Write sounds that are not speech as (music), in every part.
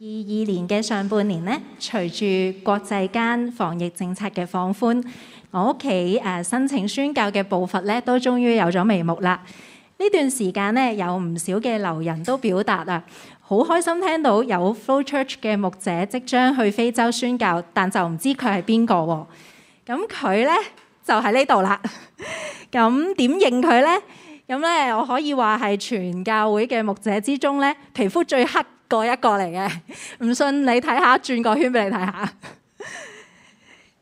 二二年嘅上半年呢，隨住國際間防疫政策嘅放寬，我屋企誒申請宣教嘅步伐咧，都終於有咗眉目啦。呢段時間呢，有唔少嘅流人都表達啊，好開心聽到有 Flow Church 嘅牧者即將去非洲宣教，但就唔知佢係邊個喎。咁佢呢，就喺呢度啦。咁 (laughs) 點認佢呢？咁咧我可以話係全教會嘅牧者之中咧，皮膚最黑。個一個嚟嘅，唔信你睇下，轉個圈俾你睇下。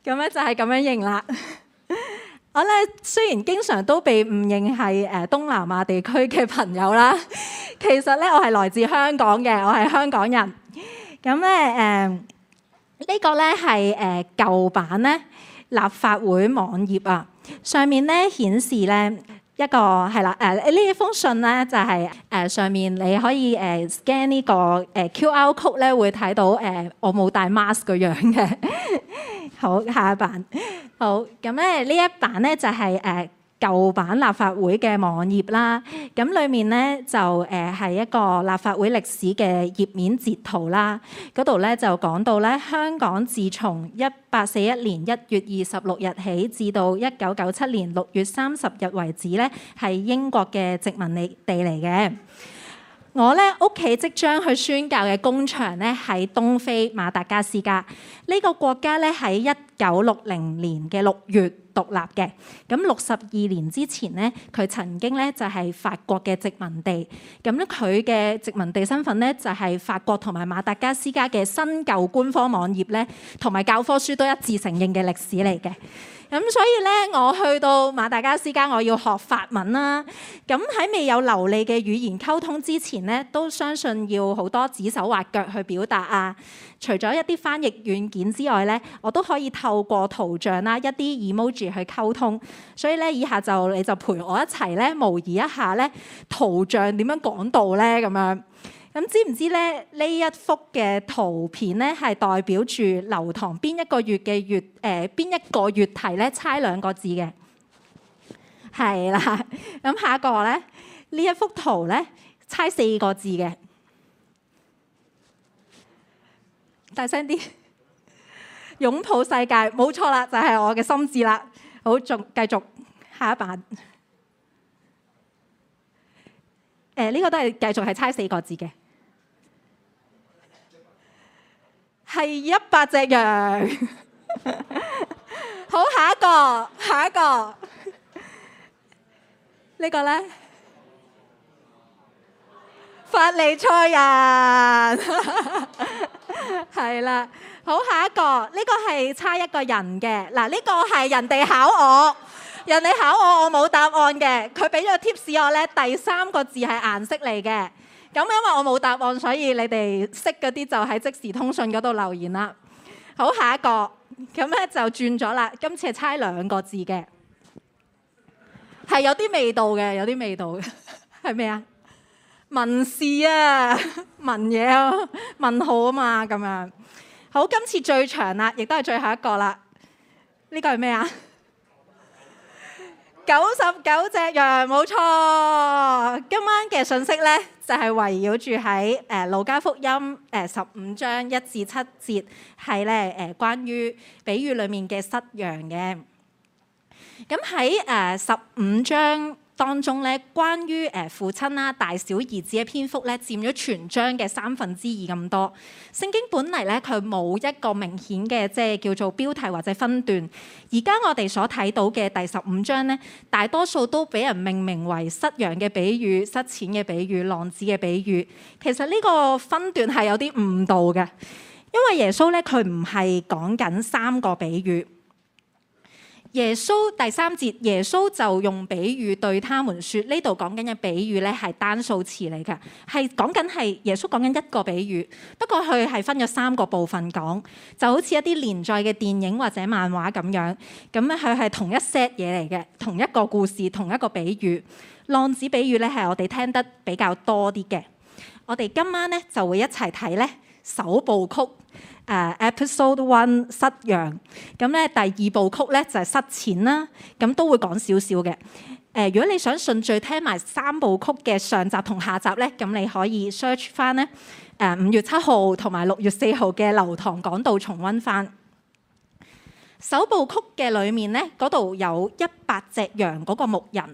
咁 (laughs) 咧就係咁樣認啦。 (laughs) 我咧雖然經常都被誤認係誒東南亞地區嘅朋友啦，其實咧我係來自香港嘅，我係香港人。咁咧誒呢、呃這個咧係誒舊版咧立法會網頁啊，上面咧顯示咧。一個係啦，誒、呃這個、呢一封信咧就係、是、誒、呃、上面你可以誒 scan、呃這個呃、呢個誒 QR code 咧會睇到誒、呃、我冇戴 mask 個樣嘅。 (laughs) 好，下一版，好咁咧呢一版咧就係、是、誒。呃舊版立法會嘅網頁啦，咁裡面呢就誒係一個立法會歷史嘅頁面截圖啦。嗰度咧就講到咧，香港自從一八四一年一月二十六日起，至到一九九七年六月三十日為止咧，係英國嘅殖民地地嚟嘅。我咧屋企即將去宣教嘅工場咧，喺東非馬達加斯加呢個國家咧，喺一九六零年嘅六月獨立嘅，咁六十二年之前咧，佢曾經咧就係法國嘅殖民地，咁佢嘅殖民地身份咧，就係法國同埋馬達加斯加嘅新舊官方網頁咧同埋教科書都一致承認嘅歷史嚟嘅。咁、嗯、所以咧，我去到馬達加斯加，我要學法文啦。咁喺未有流利嘅語言溝通之前咧，都相信要好多指手畫腳去表達啊。除咗一啲翻譯軟件之外咧，我都可以透過圖像啦、啊、一啲 emoji 去溝通。所以咧，以下就你就陪我一齊咧模擬一下咧圖像點樣講道咧咁樣。咁知唔知咧？呢一幅嘅圖片咧，係代表住流堂邊一個月嘅月誒邊、呃、一個月題咧？猜兩個字嘅，係啦。咁、嗯、下一個咧，呢一幅圖咧，猜四個字嘅，大聲啲， (laughs) 擁抱世界，冇錯啦，就係、是、我嘅心志啦。好，仲繼續下一版。誒呢個都係繼續係猜四個字嘅，係一百隻羊。 (laughs) 好，下一個，下一個，呢 (laughs) 個呢，法利賽人。係 (laughs) 啦，好，下一個，呢、這個係猜一個人嘅。嗱，呢個係人哋考我。人哋考我，我冇答案嘅。佢俾咗貼士我咧，第三個字係顏色嚟嘅。咁因為我冇答案，所以你哋識嗰啲就喺即時通訊嗰度留言啦。好，下一個咁咧就轉咗啦。今次係猜兩個字嘅，係有啲味道嘅，有啲味道嘅，係咩啊？問事啊，問嘢啊，問號啊嘛，咁樣。好，今次最長啦，亦都係最後一個啦。呢個係咩啊？九十九隻羊，冇錯。今晚嘅信息呢，就係圍繞住喺誒《路加福音》誒十五章一至七節，係呢誒、呃、關於比喻裡面嘅失羊嘅。咁喺誒十五章。當中咧，關於誒父親啦、啊、大小兒子嘅篇幅咧，佔咗全章嘅三分之二咁多。聖經本嚟咧，佢冇一個明顯嘅即係叫做標題或者分段。而家我哋所睇到嘅第十五章咧，大多數都俾人命名為失羊嘅比喻、失錢嘅比喻、浪子嘅比喻。其實呢個分段係有啲誤導嘅，因為耶穌咧佢唔係講緊三個比喻。耶穌第三節，耶穌就用比喻對他們説，呢度講緊嘅比喻咧係單數詞嚟㗎，係講緊係耶穌講緊一個比喻，不過佢係分咗三個部分講，就好似一啲連載嘅電影或者漫畫咁樣，咁咧佢係同一 set 嘢嚟嘅，同一個故事，同一個比喻。浪子比喻咧係我哋聽得比較多啲嘅，我哋今晚咧就會一齊睇咧。首部曲誒、uh, episode one 失羊，咁咧第二部曲咧就係、是、失錢啦，咁都會講少少嘅。誒、呃，如果你想順序聽埋三部曲嘅上集同下集咧，咁你可以 search 翻咧誒五月七號同埋六月四號嘅流堂講道重溫翻。首部曲嘅裏面咧，嗰度有一百隻羊嗰個牧人；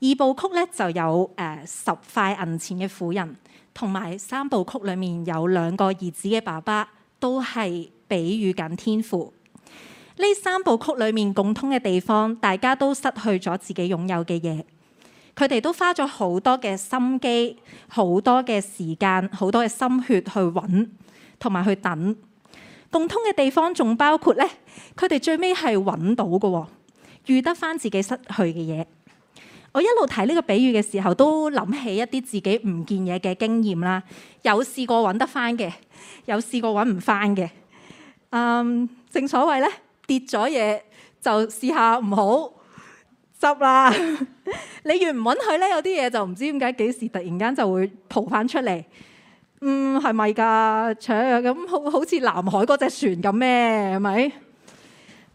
二部曲咧就有誒、uh, 十塊銀錢嘅婦人。同埋三部曲裏面有兩個兒子嘅爸爸，都係比喻緊天父。呢三部曲裏面共通嘅地方，大家都失去咗自己擁有嘅嘢，佢哋都花咗好多嘅心機、好多嘅時間、好多嘅心血去揾，同埋去等。共通嘅地方仲包括呢：佢哋最尾係揾到㗎，遇得返自己失去嘅嘢。我一路睇呢個比喻嘅時候，都諗起一啲自己唔見嘢嘅經驗啦。有試過揾得翻嘅，有試過揾唔翻嘅。嗯，正所謂呢，跌咗嘢就試下唔好執啦。你越唔揾佢呢，有啲嘢就唔知點解幾時突然間就會蒲翻出嚟。嗯，係咪㗎？卓咁好好似南海嗰隻船咁咩？係咪？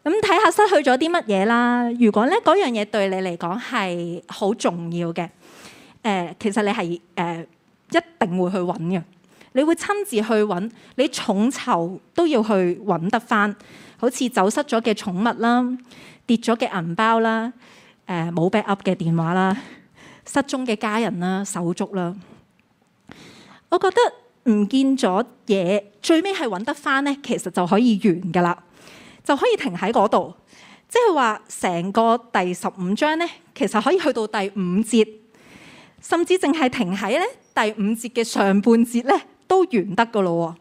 咁睇下失去咗啲乜嘢啦。如果咧嗰樣嘢對你嚟講係好重要嘅，誒、呃，其實你係誒、呃、一定會去揾嘅。你會親自去揾，你重籌都要去揾得翻。好似走失咗嘅寵物啦，跌咗嘅銀包啦，誒、呃、冇 backup 嘅電話啦，失蹤嘅家人啦、手足啦。我覺得唔見咗嘢，最尾係揾得翻呢，其實就可以完㗎喇。就可以停喺嗰度，即係話成個第十五章呢，其實可以去到第五節，甚至淨係停喺呢第五節嘅上半節呢，都完得噶咯喎。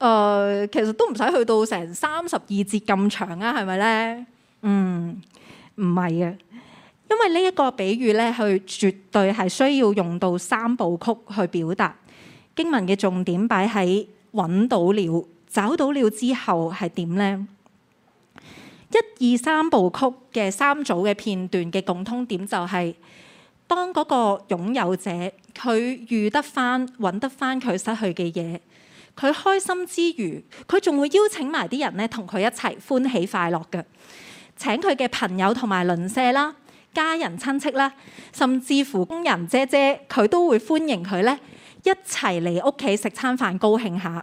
誒，其實都唔使去到成三十二節咁長啊，係咪呢？嗯，唔係嘅，因為呢一個比喻呢，佢絕對係需要用到三部曲去表達經文嘅重點，擺喺揾到了。找到了之後係點呢？一二三部曲嘅三組嘅片段嘅共通點就係，當嗰個擁有者佢遇得返、揾得返佢失去嘅嘢，佢開心之餘，佢仲會邀請埋啲人咧同佢一齊歡喜快樂嘅。請佢嘅朋友同埋鄰舍啦、家人親戚啦，甚至乎工人姐姐，佢都會歡迎佢咧一齊嚟屋企食餐飯，高興下。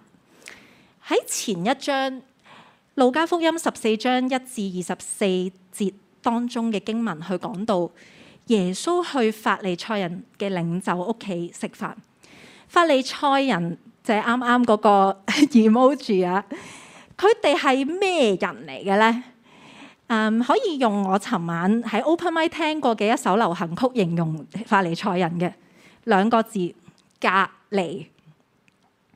喺前一章路加福音十四章一至二十四節當中嘅經文，去講到耶穌去法利賽人嘅領袖屋企食飯。法利賽人就係啱啱嗰個 emoji 啊，佢哋係咩人嚟嘅呢？嗯，可以用我尋晚喺 Open Mic 聽過嘅一首流行曲形容法利賽人嘅兩個字，隔離。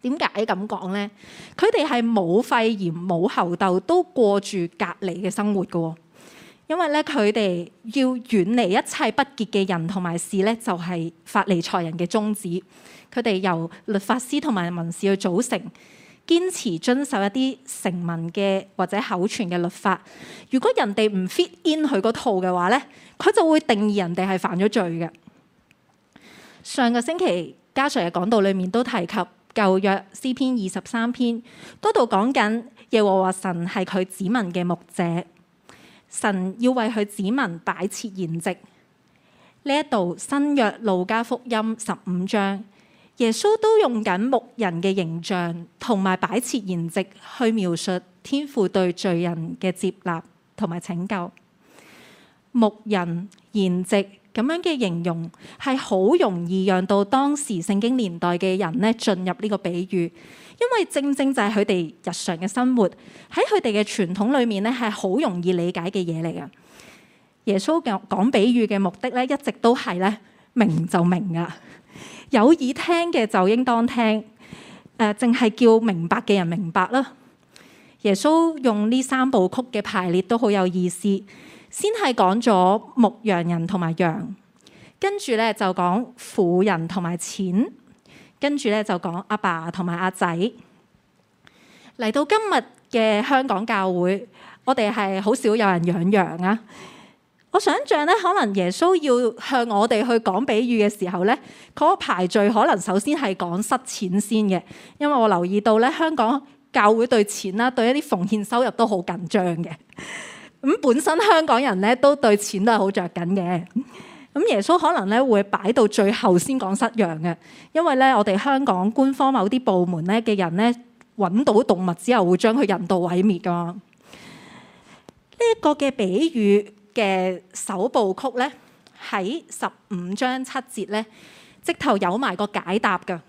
點解咁講呢？佢哋係冇肺炎、冇喉竇，都過住隔離嘅生活㗎喎。因為咧，佢哋要遠離一切不潔嘅人同埋事咧，就係法利賽人嘅宗旨。佢哋由律法師同埋文士去組成，堅持遵守一啲成文嘅或者口傳嘅律法。如果人哋唔 fit in 佢個套嘅話咧，佢就會定義人哋係犯咗罪嘅。上個星期嘉穗嘅講道裡面都提及。舊約詩篇二十三篇，嗰度講緊耶和華神係佢子民嘅牧者，神要為佢子民擺設筵席。呢一度新約路加福音十五章，耶穌都用緊牧人嘅形象，同埋擺設筵席去描述天父對罪人嘅接納同埋拯救。牧人筵席。咁樣嘅形容係好容易讓到當時聖經年代嘅人咧，進入呢個比喻，因為正正就係佢哋日常嘅生活，喺佢哋嘅傳統裏面呢，係好容易理解嘅嘢嚟噶。耶穌講講比喻嘅目的呢，一直都係咧，明就明啊，有意聽嘅就應當聽，誒淨係叫明白嘅人明白啦。耶穌用呢三部曲嘅排列都好有意思。先係講咗牧羊人同埋羊，跟住咧就講婦人同埋錢，跟住咧就講阿爸同埋阿仔。嚟到今日嘅香港教會，我哋係好少有人養羊啊！我想像咧，可能耶穌要向我哋去講比喻嘅時候咧，嗰個排序可能首先係講失錢先嘅，因為我留意到咧，香港教會對錢啦，對一啲奉獻收入都好緊張嘅。咁本身香港人咧都對錢都係好着緊嘅。咁、嗯、耶穌可能咧會擺到最後先講失羊嘅，因為咧我哋香港官方某啲部門咧嘅人咧揾到動物之後會將佢人道毀滅噶。呢、這、一個嘅比喻嘅首部曲咧喺十五章七節咧，直頭有埋個解答噶。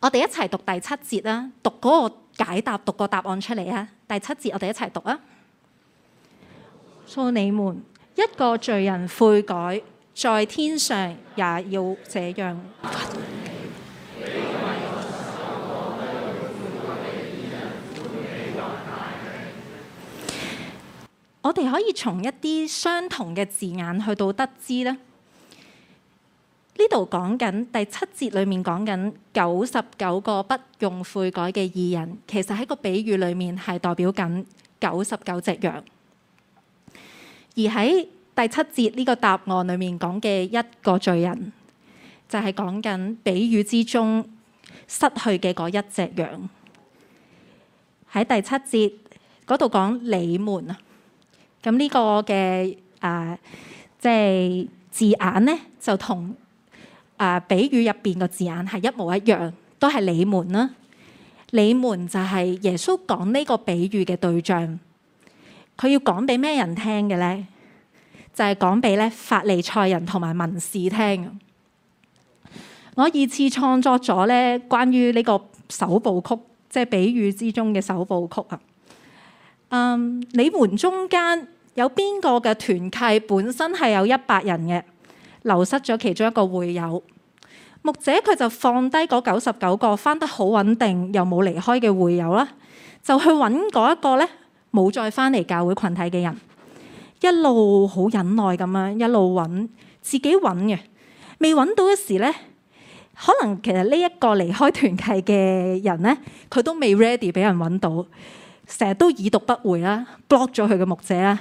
我哋一齊讀第七節啦，讀嗰個解答，讀個答案出嚟啊！第七節我哋一齊讀啊！告你們，一個罪人悔改，在天上也要這樣。啊、我哋可以從一啲相同嘅字眼去到得知咧。呢度講緊第七節裏面講緊九十九個不用悔改嘅義人，其實喺個比喻裏面係代表緊九十九隻羊。而喺第七節呢個答案裏面講嘅一個罪人，就係講緊比喻之中失去嘅嗰一隻羊。喺第七節嗰度講，你們啊，咁呢個嘅誒即係字眼呢，就同啊、呃、比喻入邊個字眼係一模一樣，都係你們啦。你們就係耶穌講呢個比喻嘅對象。佢要講俾咩人聽嘅呢？就係講俾咧法利賽人同埋文士聽。我二次創作咗咧，關於呢個首部曲，即係比喻之中嘅首部曲啊。嗯，你們中間有邊個嘅團契本身係有一百人嘅，流失咗其中一個會友，牧者佢就放低嗰九十九個返得好穩定又冇離開嘅會友啦，就去揾嗰一個咧。冇再翻嚟教會群體嘅人，一路好忍耐咁樣，一路揾自己揾嘅。未揾到嘅時呢，可能其實呢一個離開團契嘅人呢，佢都未 ready 俾人揾到，成日都已毒不回啦，block 咗佢嘅牧者啦。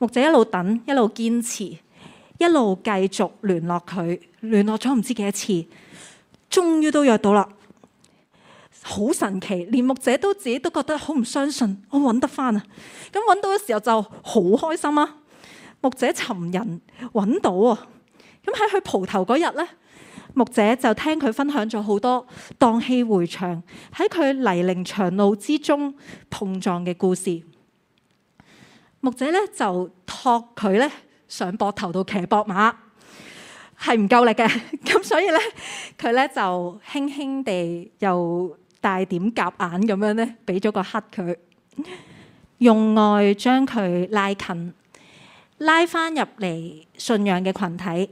牧者一路等，一路堅持，一路繼續聯絡佢，聯絡咗唔知幾多次，終於都約到啦。好神奇，連牧者都自己都覺得好唔相信，我揾得返啊！咁揾到嘅時候就好開心啊！牧者尋人揾到喎，啊，咁喺佢蒲頭嗰日咧，牧者就聽佢分享咗好多蕩氣迴腸喺佢泥濘長路之中碰撞嘅故事。牧者咧就托佢咧上膊頭度騎膊馬，係唔夠力嘅，咁所以咧佢咧就輕輕地又～大點夾眼咁樣呢，俾咗個 hug 佢，用愛將佢拉近，拉翻入嚟信仰嘅群體，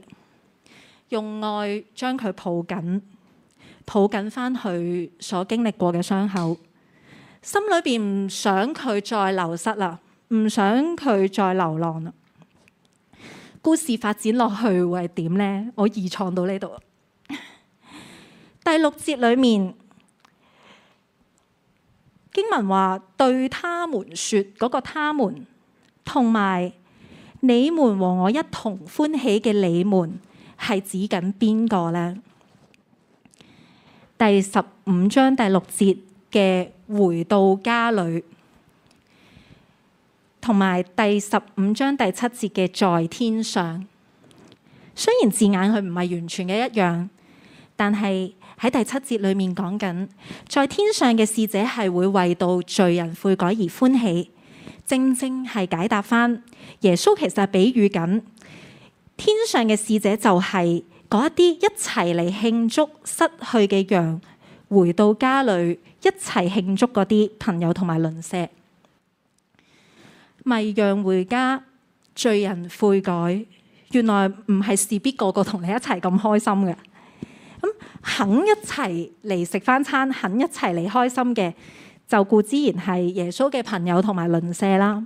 用愛將佢抱緊，抱緊翻去所經歷過嘅傷口，心裏邊唔想佢再流失啦，唔想佢再流浪啦。故事發展落去會係點呢？我臆創到呢度。第六節裏面。經文話，對他們說嗰個他們，同埋你們和我一同歡喜嘅你們，係指緊邊個呢？第十五章第六節嘅回到家裏、同埋第十五章第七節嘅在天上。雖然字眼佢唔係完全嘅一樣，但係。喺第七節裏面講緊，在天上嘅使者係會為到罪人悔改而歡喜，正正係解答翻耶穌其實係比喻緊天上嘅使者就係嗰一啲一齊嚟慶祝失去嘅羊回到家裏一齊慶祝嗰啲朋友同埋鄰舍，迷羊回家，罪人悔改，原來唔係事必個個同你一齊咁開心嘅。肯一齊嚟食翻餐，肯一齊嚟開心嘅，就固之然係耶穌嘅朋友同埋鄰舍啦。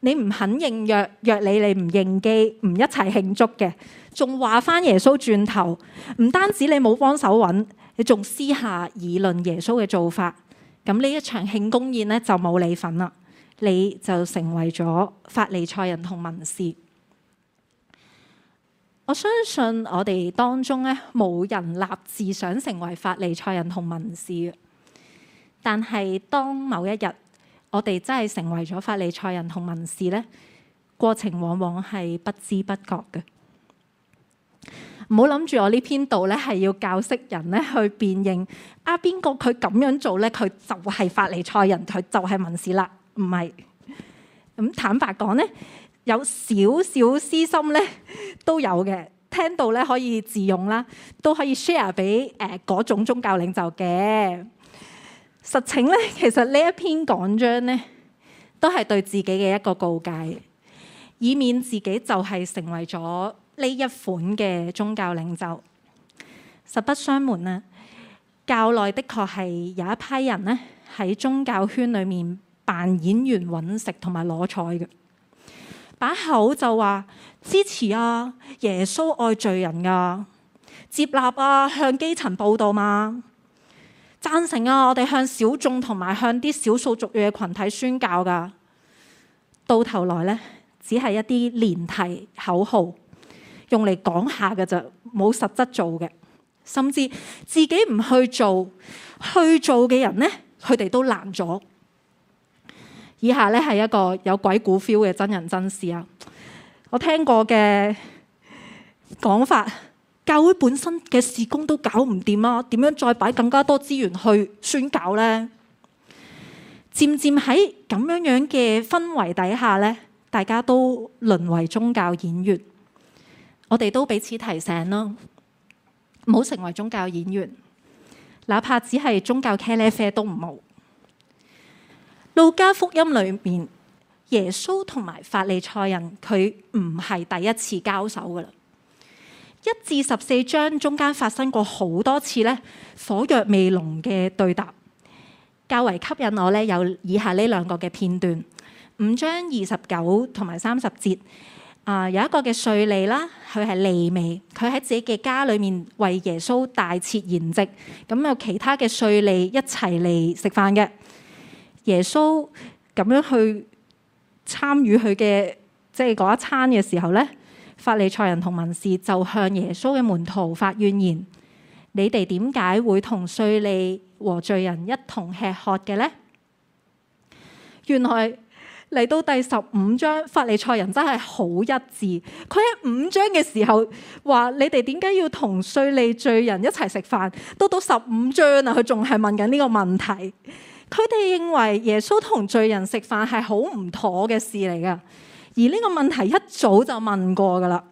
你唔肯應約，約你你唔應機，唔一齊慶祝嘅，仲話翻耶穌轉頭，唔單止你冇幫手揾，你仲私下議論耶穌嘅做法。咁呢一場慶功宴咧就冇你份啦，你就成為咗法利賽人同文士。我相信我哋當中咧，冇人立志想成為法利賽人同文士。但係當某一日，我哋真係成為咗法利賽人同文士咧，過程往往係不知不覺嘅。唔好諗住我呢篇道咧，係要教識人咧去辨認啊，邊個佢咁樣做咧，佢就係法利賽人，佢就係文士啦。唔係，咁坦白講咧。有少少私心咧都有嘅，聽到咧可以自用啦，都可以 share 俾誒嗰種宗教領袖嘅。實情咧，其實呢一篇講章咧，都係對自己嘅一個告誡，以免自己就係成為咗呢一款嘅宗教領袖。實不相瞞啊，教內的確係有一批人咧喺宗教圈裡面扮演員揾食同埋攞彩嘅。把口就話支持啊，耶穌愛罪人啊，接納啊，向基層報道嘛，贊成啊，我哋向小眾同埋向啲少數族裔嘅群體宣教噶，到頭來呢，只係一啲連提口號，用嚟講下嘅啫，冇實質做嘅，甚至自己唔去做，去做嘅人呢，佢哋都難咗。以下咧係一個有鬼故 feel 嘅真人真事啊！我聽過嘅講法，教會本身嘅事工都搞唔掂啊，點樣再擺更加多資源去宣教呢？漸漸喺咁樣樣嘅氛圍底下呢，大家都淪為宗教演員，我哋都彼此提醒啦，唔好成為宗教演員，哪怕只係宗教茄喱啡都唔好。路加福音裏面，耶穌同埋法利賽人佢唔係第一次交手噶啦。一至十四章中間發生過好多次咧，火藥味濃嘅對答，較為吸引我咧有以下呢兩個嘅片段：五章二十九同埋三十節啊、呃，有一個嘅稅吏啦，佢係利未，佢喺自己嘅家裏面為耶穌大設筵席，咁有其他嘅稅吏一齊嚟食飯嘅。耶穌咁樣去參與佢嘅，即係嗰一餐嘅時候呢，法利賽人同文士就向耶穌嘅門徒發怨言：「你哋點解會同稅吏和罪人一同吃喝嘅呢？」原來嚟到第十五章，法利賽人真係好一致。佢喺五章嘅時候話：「你哋點解要同稅吏罪人一齊食飯？到到十五章啊，佢仲係問緊呢個問題。佢哋認為耶穌同罪人食飯係好唔妥嘅事嚟㗎，而呢個問題一早就問過㗎啦。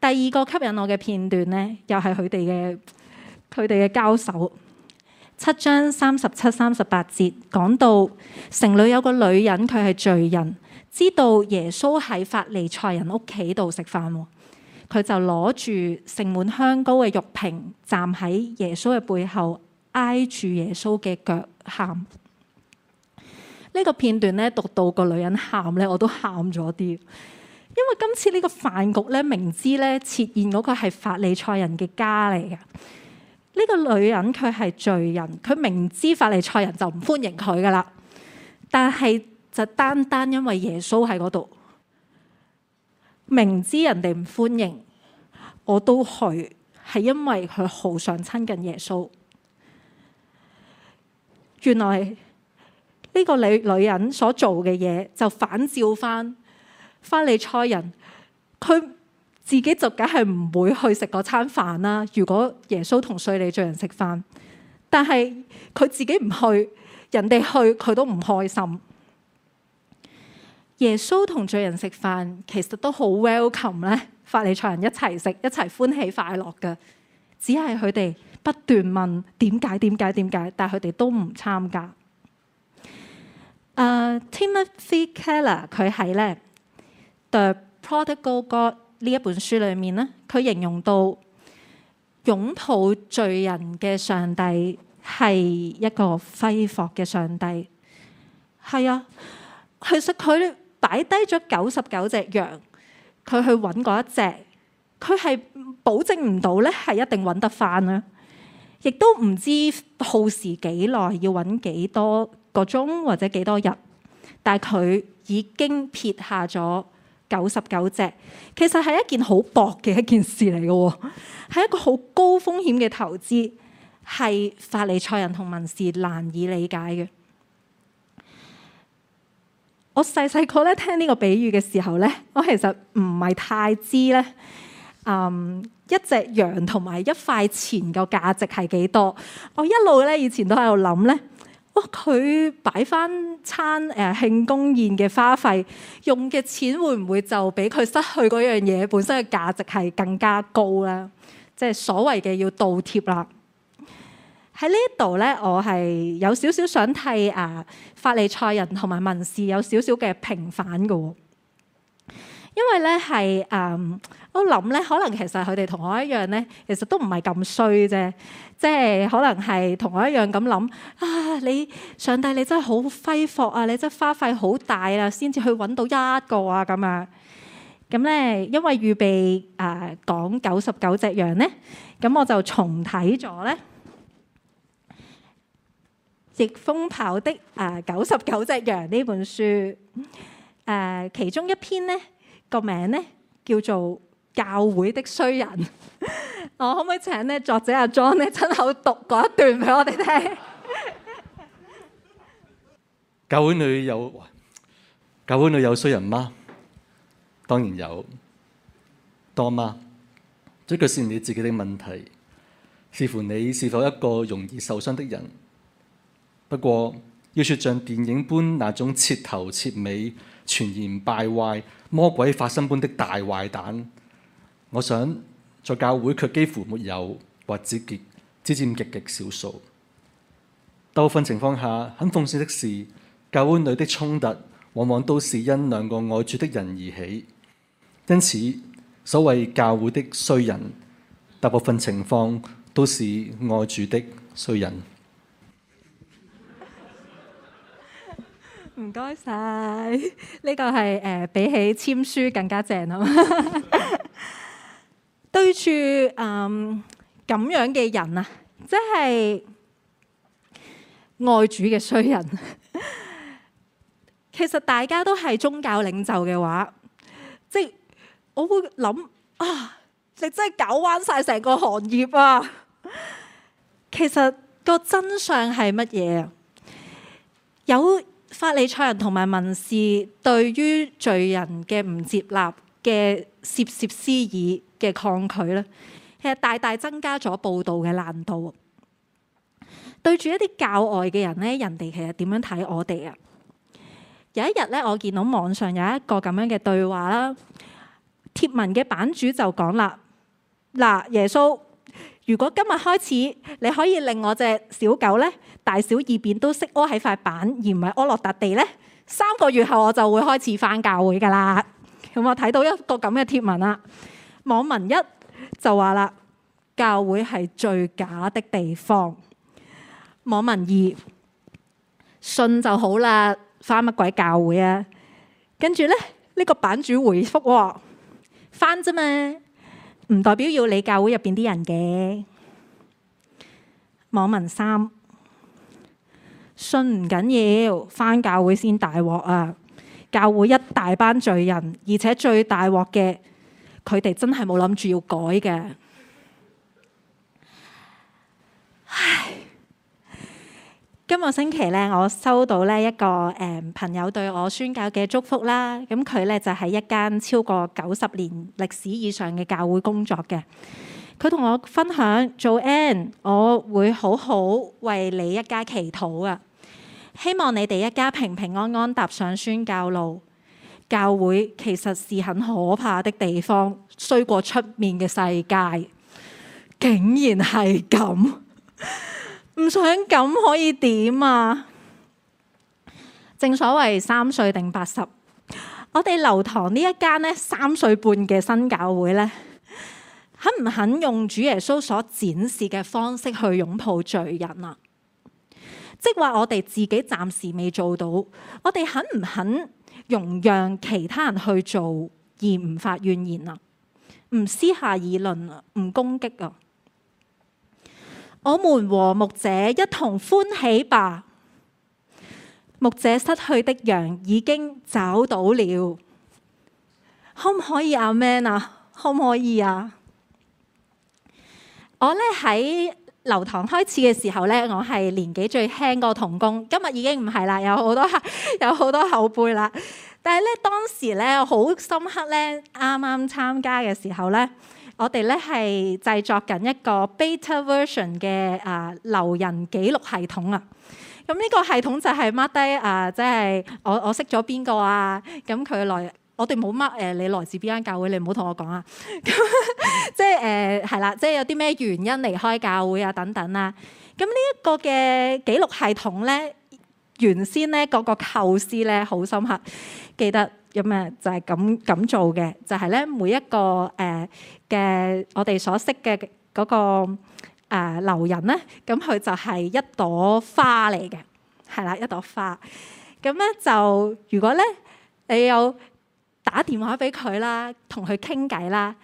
第二個吸引我嘅片段呢，又係佢哋嘅佢哋嘅交手。七章三十七、三十八節講到城裏有個女人，佢係罪人，知道耶穌喺法利賽人屋企度食飯，佢就攞住盛滿香膏嘅玉瓶，站喺耶穌嘅背後。挨住耶穌嘅腳喊，呢個片段咧，讀到個女人喊咧，我都喊咗啲。因為今次呢個飯局咧，明知咧，設宴嗰個係法利賽人嘅家嚟嘅，呢個女人佢係罪人，佢明知法利賽人就唔歡迎佢噶啦，但係就單單因為耶穌喺嗰度，明知人哋唔歡迎，我都去係因為佢好想親近耶穌。原來呢、呢個女女人所做嘅嘢，就反照翻法利賽人。佢自己就梗係唔會去食嗰餐飯啦。如果耶穌同稅吏罪人食飯，但係佢自己唔去，人哋去佢都唔開心。耶穌同罪人食飯，其實都好 welcome 咧。法利賽人一齊食，一齊歡喜快樂嘅，只係佢哋。不斷問點解點解點解，但佢哋都唔參加。誒，uh，Timothy Keller 佢喺咧 The Prodigal God 呢一本書裏面咧，佢形容到擁抱罪人嘅上帝係一個揮霍嘅上帝。係啊，其實佢擺低咗九十九隻羊，佢去揾嗰一隻，佢係保證唔到咧係一定揾得翻啊。亦都唔知耗時幾耐，要揾幾多個鐘或者幾多日，但係佢已經撇下咗九十九隻，其實係一件好薄嘅一件事嚟嘅喎，係一個好高風險嘅投資，係法利賽人同文士難以理解嘅。我細細個咧聽呢個比喻嘅時候咧，我其實唔係太知咧。嗯，um, 一隻羊同埋一塊錢嘅價值係幾多？我一路咧以前都喺度諗咧，哇、哦！佢擺翻餐誒、呃、慶功宴嘅花費用嘅錢會唔會就比佢失去嗰樣嘢本身嘅價值係更加高咧？即係所謂嘅要倒貼啦。喺呢一度咧，我係有少少想替誒、呃、法利賽人同埋文士有少少嘅平反嘅、哦。因為咧係誒，我諗咧，可能其實佢哋同我一樣咧，其實都唔係咁衰啫，即係可能係同我一樣咁諗啊！你上帝，你真係好揮霍啊！你真係花費好大啊，先至去揾到一個啊，咁樣咁咧，因為預備誒講九十九隻羊咧，咁我就重睇咗咧《逆風跑的誒九十九隻羊》呢本書誒，其中一篇咧。個名呢，叫做《教會的衰人》， (laughs) 我可唔可以請咧作者阿莊呢？親口讀嗰一段俾我哋聽？ (laughs) 教會裏有教會裏有衰人嗎？當然有，多嗎？這卻是你自己的問題，視乎你是否一個容易受傷的人。不過，要說像電影般那種徹頭徹尾，全然敗壞、魔鬼化身般的大壞蛋，我想在教會卻幾乎沒有，或者極只佔極極少數。大部分情況下，很諷刺的是教會裏的衝突，往往都是因兩個愛主的人而起。因此，所謂教會的衰人，大部分情況都是愛主的衰人。唔該晒，呢、這個係誒、呃、比起簽書更加正啊！ (laughs) (laughs) 對住誒咁樣嘅人啊，即係愛主嘅衰人。其實大家都係宗教領袖嘅話，即係我會諗啊，你真係搞彎晒成個行業啊！其實個真相係乜嘢啊？有。法利賽人同埋文士對於罪人嘅唔接納嘅竊竊私議嘅抗拒咧，其實大大增加咗佈道嘅難度。對住一啲教外嘅人咧，人哋其實點樣睇我哋啊？有一日咧，我見到網上有一個咁樣嘅對話啦。貼文嘅版主就講啦：嗱，耶穌。如果今日開始你可以令我隻小狗咧大小二便都識屙喺塊板而唔係屙落笪地咧，三個月後我就會開始返教會㗎喇。咁、嗯、我睇到一個咁嘅貼文啦，網民一就話啦：教會係最假的地方。網民二，信就好啦，返乜鬼教會啊？跟住咧，呢、呢個版主回覆：返啫嘛。唔代表要你教會入邊啲人嘅。網民三信唔緊要，返教會先大鑊啊！教會一大班罪人，而且最大鑊嘅佢哋真係冇諗住要改嘅。今個星期咧，我收到呢一個誒朋友對我宣教嘅祝福啦。咁佢咧就喺一間超過九十年歷史以上嘅教會工作嘅。佢同我分享做 Anne，我會好好為你一家祈禱啊！希望你哋一家平平安安踏上宣教路。教會其實是很可怕的地方，衰過出面嘅世界，竟然係咁。 (laughs) 唔想咁可以點啊？正所謂三歲定八十，我哋流堂一間呢一間咧三歲半嘅新教會咧，肯唔肯用主耶穌所展示嘅方式去擁抱罪人啊？即係話我哋自己暫時未做到，我哋肯唔肯容讓其他人去做而唔發怨言啊？唔私下議論啊？唔攻擊啊？我們和牧者一同歡喜吧，牧者失去的羊已經找到了，可唔可以阿、啊、men 啊？可唔可以啊？我咧喺流堂開始嘅時候咧，我係年紀最輕個童工，今日已經唔係啦，有好多 (laughs) 有好多後輩啦。但係咧當時咧好深刻咧，啱啱參加嘅時候咧。我哋咧係製作緊一個 beta version 嘅啊留人記錄系統啊，咁、嗯、呢、這個系統就係 mark 低啊，即係我我識咗邊個啊，咁、嗯、佢來，我哋冇 mark 誒你來自邊間教會，你唔好同我講啊，咁 (laughs) 即係誒係啦，即係有啲咩原因離開教會啊等等啊。咁呢一個嘅記錄系統咧，原先咧嗰、那個構思咧好深刻，記得。咁啊，就係咁咁做嘅，就係咧每一個誒嘅我哋所識嘅嗰個誒流人咧，咁佢就係一朵花嚟嘅，係啦，一朵花。咁咧就如果咧你有打電話俾佢啦，同佢傾偈啦，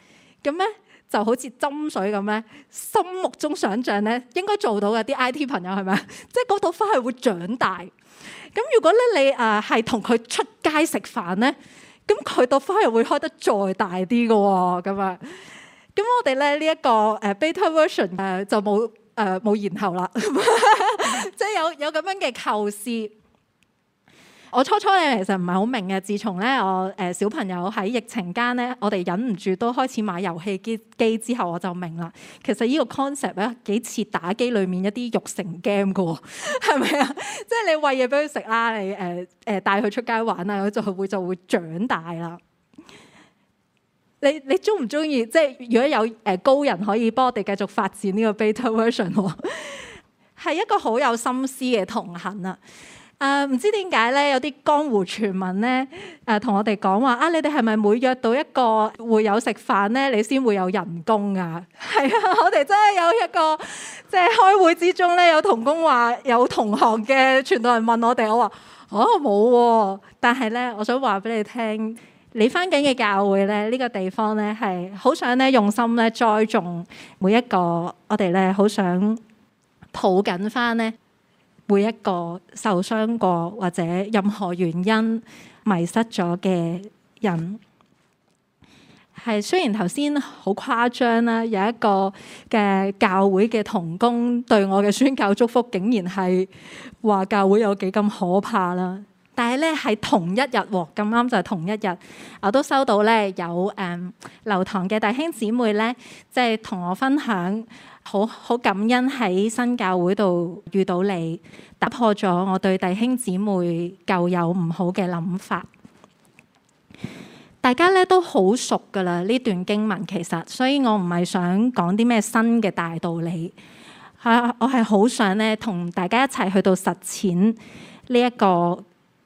咁咧就好似斟水咁咧，心目中想像咧應該做到嘅啲 IT 朋友係咪啊？即係嗰朵花係會長大。咁如果咧你誒係同佢出街食飯咧，咁佢朵花又會開得再大啲嘅喎，咁啊，咁我哋咧呢一個誒 beta version 誒就冇誒冇然後啦，即係有有咁樣嘅構思。我初初咧其實唔係好明嘅，自從咧我誒小朋友喺疫情間咧，我哋忍唔住都開始買遊戲機機之後，我就明啦。其實呢個 concept 咧幾似打機裡面一啲育成 game 嘅喎，係咪啊？即係你餵嘢俾佢食啦，你誒誒帶佢出街玩啊，佢就會就會長大啦。你你鍾唔鍾意？即係如果有誒高人可以幫我哋繼續發展呢個 beta version 喎，係一個好有心思嘅同行啊！誒唔、呃、知點解咧，有啲江湖傳聞咧，誒、呃、同我哋講話啊，你哋係咪每約到一個會友食飯咧，你先會有人工啊？係啊，我哋真係有一個即係開會之中咧，有同工話有同行嘅傳道人問我哋，我話哦，冇喎、啊，但係咧，我想話俾你聽，你翻緊嘅教會咧，呢、呢個地方咧係好想咧用心咧栽種每一個我哋咧，好想抱緊翻咧。每一個受傷過或者任何原因迷失咗嘅人，係雖然頭先好誇張啦，有一個嘅教會嘅同工對我嘅宣教祝福，竟然係話教會有幾咁可怕啦。但係咧係同一日喎、哦，咁啱就係同一日，我都收到咧有誒流、嗯、堂嘅弟兄姊妹咧，即係同我分享。好好感恩喺新教會度遇到你，打破咗我對弟兄姊妹舊有唔好嘅諗法。大家咧都好熟㗎喇。呢段經文其實，所以我唔係想講啲咩新嘅大道理。係我係好想咧同大家一齊去到實踐呢一個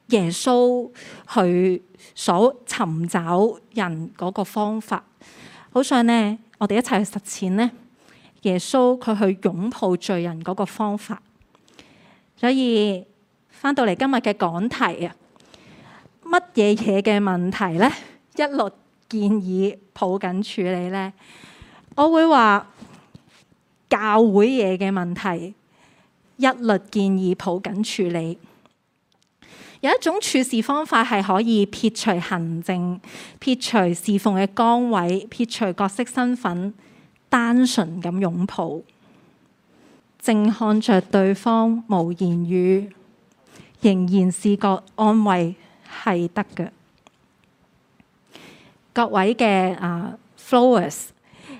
耶穌去所尋找人嗰個方法。好想咧，我哋一齊去實踐咧。耶穌佢去擁抱罪人嗰個方法，所以翻到嚟今日嘅講題啊，乜嘢嘢嘅問題呢？一律建議抱緊處理呢。我會話教會嘢嘅問題，一律建議抱緊處理。有一種處事方法係可以撇除行政、撇除侍奉嘅崗位、撇除角色身份。單純咁擁抱，正看著對方無言語，仍然視覺安慰係得嘅。各位嘅啊、uh, flowers，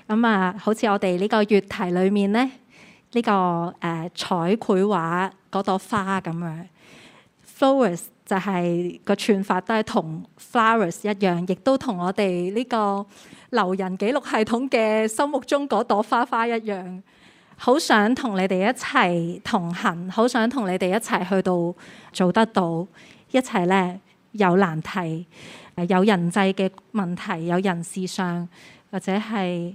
咁、嗯、啊，好似我哋呢個月題裡面咧，呢、這個誒、uh, 彩繪畫嗰朵花咁樣，flowers 就係個串法，都係同 flowers 一樣，亦都同我哋呢、這個。留人記錄系統嘅心目中嗰朵花花一樣，好想同你哋一齊同行，好想同你哋一齊去到做得到，一齊呢有難題，有人際嘅問題，有人事上或者係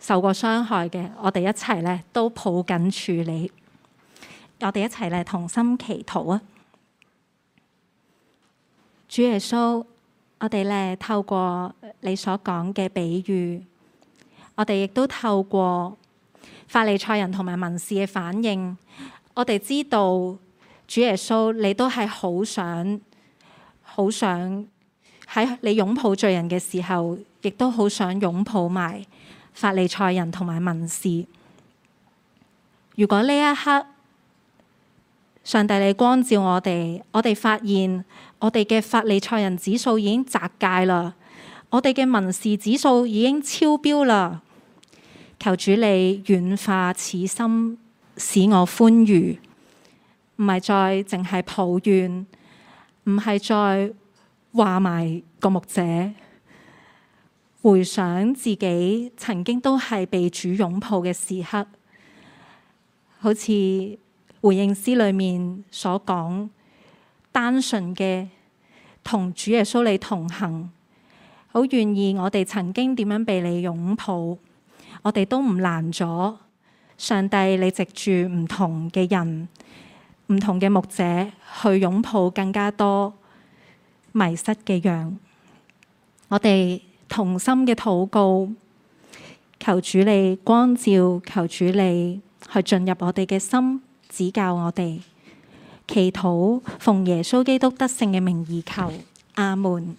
受過傷害嘅，我哋一齊呢都抱緊處理，我哋一齊咧同心祈禱啊！主耶穌。我哋咧透過你所講嘅比喻，我哋亦都透過法利賽人同埋文士嘅反應，我哋知道主耶穌你都係好想，好想喺你擁抱罪人嘅時候，亦都好想擁抱埋法利賽人同埋文士。如果呢一刻上帝你光照我哋，我哋發現。我哋嘅法利賽人指數已經閘界啦，我哋嘅文士指數已經超標啦。求主你軟化此心，使我寬裕，唔係再淨係抱怨，唔係再話埋個牧者，回想自己曾經都係被主擁抱嘅時刻，好似回應詩裏面所講。單純嘅同主耶穌你同行，好願意我哋曾經點樣被你擁抱，我哋都唔難咗。上帝，你藉住唔同嘅人、唔同嘅牧者去擁抱更加多迷失嘅羊。我哋同心嘅禱告，求主你光照，求主你去進入我哋嘅心，指教我哋。祈禱，奉耶穌基督得勝嘅名而求，阿門。